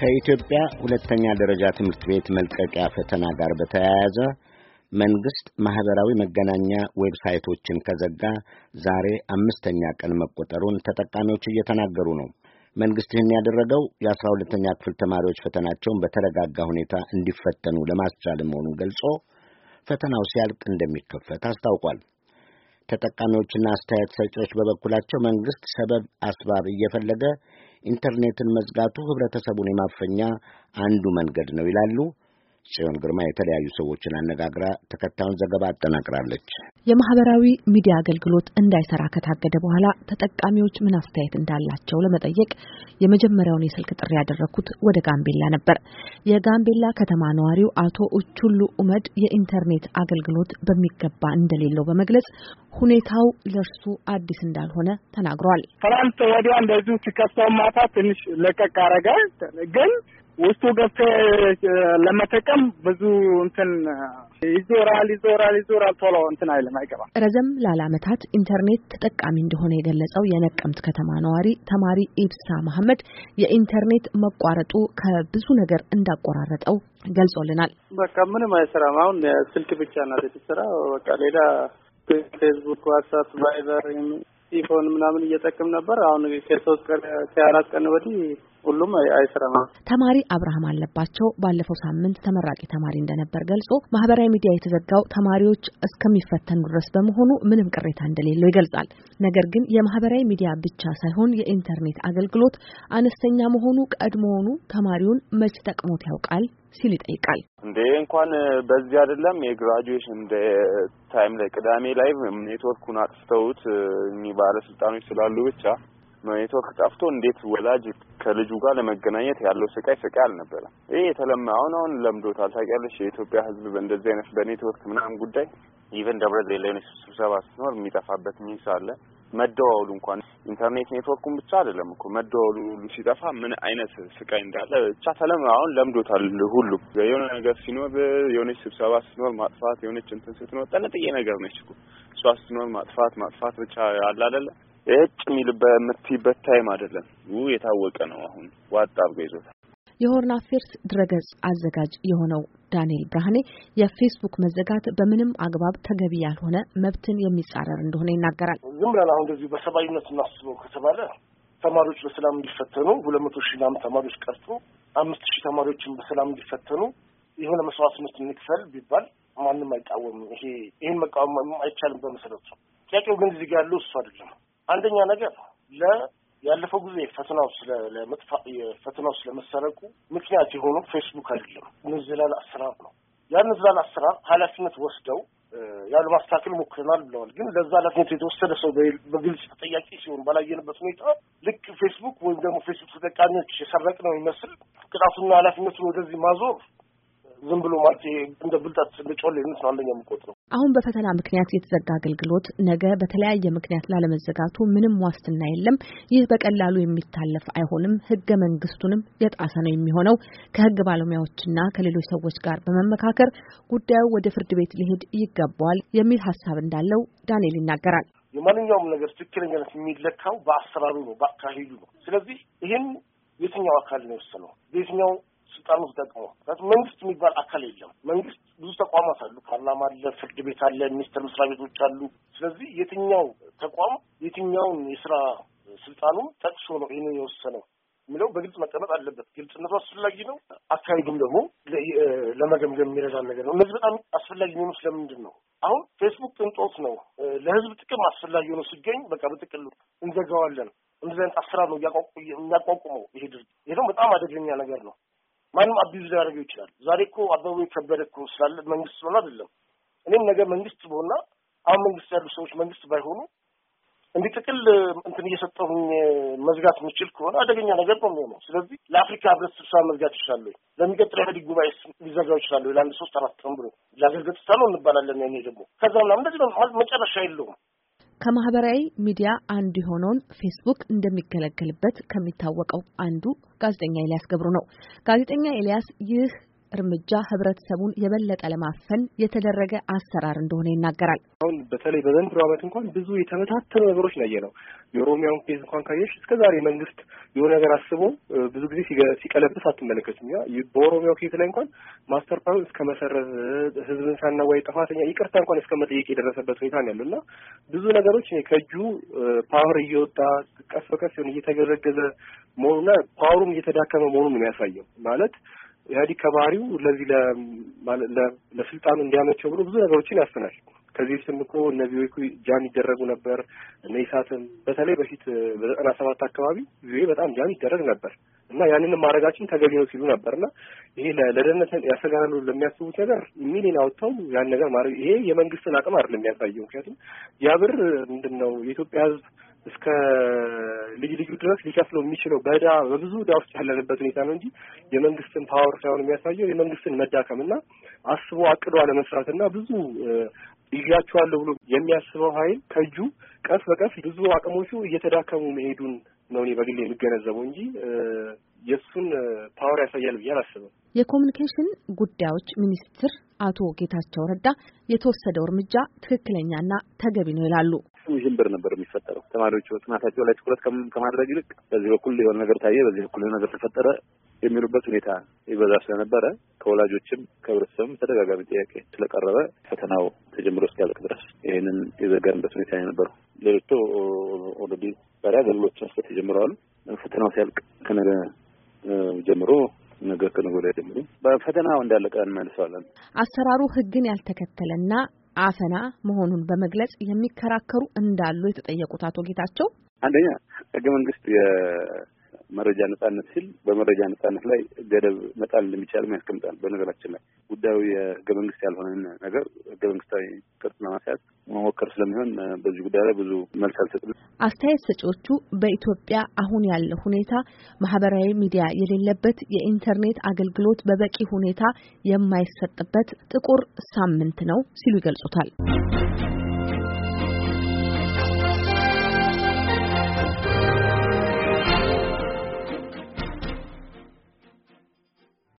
ከኢትዮጵያ ሁለተኛ ደረጃ ትምህርት ቤት መልቀቂያ ፈተና ጋር በተያያዘ መንግስት ማህበራዊ መገናኛ ዌብሳይቶችን ከዘጋ ዛሬ አምስተኛ ቀን መቆጠሩን ተጠቃሚዎች እየተናገሩ ነው። መንግስት ይህን ያደረገው የአስራ ሁለተኛ ክፍል ተማሪዎች ፈተናቸውን በተረጋጋ ሁኔታ እንዲፈተኑ ለማስቻል መሆኑን ገልጾ ፈተናው ሲያልቅ እንደሚከፈት አስታውቋል። ተጠቃሚዎችና አስተያየት ሰጪዎች በበኩላቸው መንግስት ሰበብ አስባብ እየፈለገ ኢንተርኔትን መዝጋቱ ህብረተሰቡን የማፈኛ አንዱ መንገድ ነው ይላሉ። ጽዮን ግርማ የተለያዩ ሰዎችን አነጋግራ ተከታዩን ዘገባ አጠናቅራለች። የማህበራዊ ሚዲያ አገልግሎት እንዳይሰራ ከታገደ በኋላ ተጠቃሚዎች ምን አስተያየት እንዳላቸው ለመጠየቅ የመጀመሪያውን የስልክ ጥሪ ያደረኩት ወደ ጋምቤላ ነበር። የጋምቤላ ከተማ ነዋሪው አቶ ኡቹሉ ኡመድ የኢንተርኔት አገልግሎት በሚገባ እንደሌለው በመግለጽ ሁኔታው ለእርሱ አዲስ እንዳልሆነ ተናግሯል። ትናንት ወዲያ እንደዚሁ ሲከሰው ማታ ትንሽ ለቀቅ አረገ ግን ውስጡ ገብተህ ለመጠቀም ብዙ እንትን ይዞራል ይዞራል ይዞራል። ቶሎ እንትን አይልም አይገባም። ረዘም ላለ ዓመታት ኢንተርኔት ተጠቃሚ እንደሆነ የገለጸው የነቀምት ከተማ ነዋሪ ተማሪ ኢብሳ መሐመድ የኢንተርኔት መቋረጡ ከብዙ ነገር እንዳቆራረጠው ገልጾልናል። በቃ ምንም አይሰራም። አሁን ስልክ ብቻ ናት የተሰራ። በቃ ሌላ ፌስቡክ፣ ዋትሳፕ፣ ቫይበር፣ ኢፎን ምናምን እየጠቅም ነበር። አሁን ከሶስት ቀን ከአራት ቀን ወዲህ ሁሉም አይሰራም። ተማሪ አብርሃም አለባቸው ባለፈው ሳምንት ተመራቂ ተማሪ እንደነበር ገልጾ ማህበራዊ ሚዲያ የተዘጋው ተማሪዎች እስከሚፈተኑ ድረስ በመሆኑ ምንም ቅሬታ እንደሌለው ይገልጻል። ነገር ግን የማህበራዊ ሚዲያ ብቻ ሳይሆን የኢንተርኔት አገልግሎት አነስተኛ መሆኑ ቀድሞውኑ ተማሪውን መች ጠቅሞት ያውቃል ሲል ይጠይቃል። እንዴ እንኳን በዚህ አይደለም የግራጁዌሽን ታይም ላይ ቅዳሜ ላይ ኔትወርኩን አጥፍተውት እኚህ ባለስልጣኖች ስላሉ ብቻ ኔትወርክ ጠፍቶ እንዴት ወላጅ ከልጁ ጋር ለመገናኘት ያለው ስቃይ ስቃይ አልነበረም። ይህ የተለመ አሁን አሁን ለምዶታል። ታውቂያለሽ የኢትዮጵያ ሕዝብ በእንደዚህ አይነት በኔትወርክ ምናምን ጉዳይ ኢቨን ደብረ ዘይት ላይ ስብሰባ ስትኖር የሚጠፋበት ሚንስ አለ። መደዋወሉ እንኳን ኢንተርኔት ኔትወርኩን ብቻ አይደለም እኮ መደዋወሉ ሁሉ ሲጠፋ ምን አይነት ስቃይ እንዳለ ብቻ ተለም አሁን ለምዶታል። ሁሉ የሆነ ነገር ሲኖር የሆነች ስብሰባ ስትኖር ማጥፋት፣ የሆነች እንትን ስትኖር ጠለጥዬ ነገር ነች እኮ እሷ ስትኖር ማጥፋት ማጥፋት ብቻ አለ አይደለም እጭ የሚልበት የምትይበት ታይም አይደለም። የታወቀ ነው። አሁን ዋጣ አድርጎ ይዞታል። የሆርን አፌርስ ድረገጽ አዘጋጅ የሆነው ዳንኤል ብርሃኔ የፌስቡክ መዘጋት በምንም አግባብ ተገቢ ያልሆነ መብትን የሚጻረር እንደሆነ ይናገራል። ዝም ብለን አሁን እንደዚሁ በሰብአዊነት እናስበው ከተባለ ተማሪዎች በሰላም እንዲፈተኑ ሁለት መቶ ሺህ ምናምን ተማሪዎች ቀርቶ አምስት ሺህ ተማሪዎችን በሰላም እንዲፈተኑ የሆነ መስዋዕትነት እንክፈል ቢባል ማንም አይቃወምም። ይሄ ይህን መቃወም አይቻልም በመሰረቱ። ጥያቄው ግን እዚህ ጋር ያለው እሱ አይደለም። አንደኛ ነገር ለ ያለፈው ጊዜ ፈተናው ስለለመጥፋ የፈተናው ስለመሰረቁ ምክንያት የሆኑ ፌስቡክ አይደለም ንዝላል አሰራር ነው። ያን ንዝላል አሰራር ኃላፊነት ወስደው ያሉ ማስተካከል ሞክረናል ብለዋል። ግን ለዛ ኃላፊነት የተወሰደ ሰው በግልጽ ተጠያቂ ሲሆን ባላየንበት ሁኔታ ልክ ፌስቡክ ወይም ደግሞ ፌስቡክ ተጠቃሚዎች የሰረቅ ነው ይመስል ቅጣቱና ኃላፊነቱን ወደዚህ ማዞር ዝም ብሎ ማጭ እንደ ብልጠት ልጮል የምስ ነው አንደኛ ነው። አሁን በፈተና ምክንያት የተዘጋ አገልግሎት ነገ በተለያየ ምክንያት ላለመዘጋቱ ምንም ዋስትና የለም። ይህ በቀላሉ የሚታለፍ አይሆንም። ህገ መንግስቱንም የጣሰ ነው የሚሆነው። ከሕግ ባለሙያዎችና ከሌሎች ሰዎች ጋር በመመካከር ጉዳዩ ወደ ፍርድ ቤት ሊሄድ ይገባዋል የሚል ሀሳብ እንዳለው ዳንኤል ይናገራል። የማንኛውም ነገር ትክክለኛነት የሚለካው በአሰራሩ ነው፣ በአካሄዱ ነው። ስለዚህ ይህን የትኛው አካል ነው የወሰነው? በየትኛው ስልጣኑ ተጠቅሞ መንግስት የሚባል አካል የለም። መንግስት ብዙ ተቋማት አሉ። ፓርላማ አለ፣ ፍርድ ቤት አለ፣ ሚኒስቴር መስሪያ ቤቶች አሉ። ስለዚህ የትኛው ተቋም የትኛውን የስራ ስልጣኑ ጠቅሶ ነው ይህን የወሰነው የሚለው በግልጽ መቀመጥ አለበት። ግልጽነቱ አስፈላጊ ነው። አካሄዱም ደግሞ ለመገምገም የሚረዳን ነገር ነው። እነዚህ በጣም አስፈላጊ የሚሆኑ ስለምንድን ነው? አሁን ፌስቡክ ቅንጦት ነው፣ ለህዝብ ጥቅም አስፈላጊ ሆኖ ሲገኝ በቃ በጥቅሉ እንዘጋዋለን። እንደዚህ አይነት አሰራር ነው የሚያቋቁመው ይሄ ድርጅት። ይህ በጣም አደገኛ ነገር ነው። ማንም አቢዩዝ ሊያደርገው ይችላል። ዛሬ እኮ አበበ ከበደ እኮ ስላለ መንግስት ስለሆነ አይደለም። እኔም ነገ መንግስት በሆና አሁን መንግስት ያሉ ሰዎች መንግስት ባይሆኑ እንዲህ ጥቅል እንትን እየሰጠሁኝ መዝጋት የምችል ከሆነ አደገኛ ነገር ነው የሚሆነው። ስለዚህ ለአፍሪካ ህብረት ስብሰባ መዝጋት ይችላሉ። ለሚቀጥለው ኢህአዴግ ጉባኤ ሊዘጋው ይችላሉ። ለአንድ ሶስት አራት ቀን ብሎ ለአገልግሎት ስታ ነው እንባላለን። ያኔ ደግሞ ከዛ ምናምን እንደዚህ መጨረሻ የለውም። ከማህበራዊ ሚዲያ አንዱ የሆነውን ፌስቡክ እንደሚገለገልበት ከሚታወቀው አንዱ ጋዜጠኛ ኤልያስ ገብሩ ነው። ጋዜጠኛ ኤልያስ ይህ እርምጃ ህብረተሰቡን የበለጠ ለማፈን የተደረገ አሰራር እንደሆነ ይናገራል። አሁን በተለይ በዘንድሮ ዓመት እንኳን ብዙ የተበታተኑ ነገሮች ነው ያየነው። የኦሮሚያውን ኬዝ እንኳን ካየሽ እስከ ዛሬ መንግስት የሆነ ነገር አስቦ ብዙ ጊዜ ሲቀለብስ አትመለከትም። ያ በኦሮሚያው ኬዝ ላይ እንኳን ማስተር ፕላኑ እስከ መሰረዝ ህዝብን ሳናዋይ ጥፋተኛ ይቅርታ እንኳን እስከ መጠየቅ የደረሰበት ሁኔታ ነው ያለው እና ብዙ ነገሮች ከእጁ ፓወር እየወጣ ቀስ በቀስ ሲሆን እየተገረገዘ መሆኑና ፓወሩም እየተዳከመ መሆኑን ነው የሚያሳየው ማለት ኢህአዲግ ከባህሪው ለዚህ ለስልጣኑ እንዲያመቸው ብሎ ብዙ ነገሮችን ያስናል። ከዚህ ስም እኮ እነዚህ ወይኩ ጃም ይደረጉ ነበር። እነ ኢሳትም በተለይ በፊት በዘጠና ሰባት አካባቢ ቪኦኤ በጣም ጃም ይደረግ ነበር እና ያንንም ማድረጋችን ተገቢ ነው ሲሉ ነበር እና ይሄ ለደህንነት ያሰጋናሉ ለሚያስቡት ነገር ሚሊን አውጥተው ያን ነገር ማድረግ ይሄ የመንግስትን አቅም አይደለም የሚያሳየው። ምክንያቱም ያ ብር ምንድን ነው የኢትዮጵያ ህዝብ እስከ ልዩ ልዩ ድረስ ሊከፍለው የሚችለው በዳ በብዙ ዳ ውስጥ ያለንበት ሁኔታ ነው እንጂ የመንግስትን ፓወር ሳይሆን የሚያሳየው የመንግስትን መዳከም እና አስቦ አቅዶ አለመስራት እና ብዙ ይዣቸዋለሁ ብሎ የሚያስበው ኃይል ከእጁ ቀስ በቀስ ብዙ አቅሞቹ እየተዳከሙ መሄዱን ነው እኔ በግሌ የሚገነዘበው እንጂ የእሱን ፓወር ያሳያል ብዬ አላስብም። የኮሚኒኬሽን ጉዳዮች ሚኒስትር አቶ ጌታቸው ረዳ የተወሰደው እርምጃ ትክክለኛና ተገቢ ነው ይላሉ። ውዥንብር ነበር የሚፈጠረው። ተማሪዎቹ ጥናታቸው ላይ ትኩረት ከማድረግ ይልቅ በዚህ በኩል የሆነ ነገር ታየ፣ በዚህ በኩል የሆነ ነገር ተፈጠረ የሚሉበት ሁኔታ ይበዛ ስለነበረ ከወላጆችም ከህብረተሰብም ተደጋጋሚ ጥያቄ ስለቀረበ ፈተናው ተጀምሮ እስኪያልቅ ድረስ ይህንን የዘጋንበት ሁኔታ የነበረው። ሌሎቹ ኦልሬዲ ባሪያ አገልግሎች መስጠት ተጀምረዋል። ፈተናው ሲያልቅ ከነገ ጀምሮ ነገር ከነገ ወዲያ ጀምሮ በፈተናው እንዳለቀ እንመልሰዋለን። አሰራሩ ህግን ያልተከተለና አፈና መሆኑን በመግለጽ የሚከራከሩ እንዳሉ የተጠየቁት አቶ ጌታቸው አንደኛ ህገ መንግስት የመረጃ ነጻነት ሲል በመረጃ ነጻነት ላይ ገደብ መጣል እንደሚቻልም ያስቀምጣል። በነገራችን ላይ ጉዳዩ የህገ መንግስት ያልሆነን ነገር ህገ መንግስታዊ ቅርጽ ለማስያዝ የሚሞከር ስለሚሆን በዚህ ጉዳይ ላይ ብዙ መልስ አልሰጥም። አስተያየት ሰጪዎቹ በኢትዮጵያ አሁን ያለው ሁኔታ ማህበራዊ ሚዲያ የሌለበት፣ የኢንተርኔት አገልግሎት በበቂ ሁኔታ የማይሰጥበት ጥቁር ሳምንት ነው ሲሉ ይገልጹታል።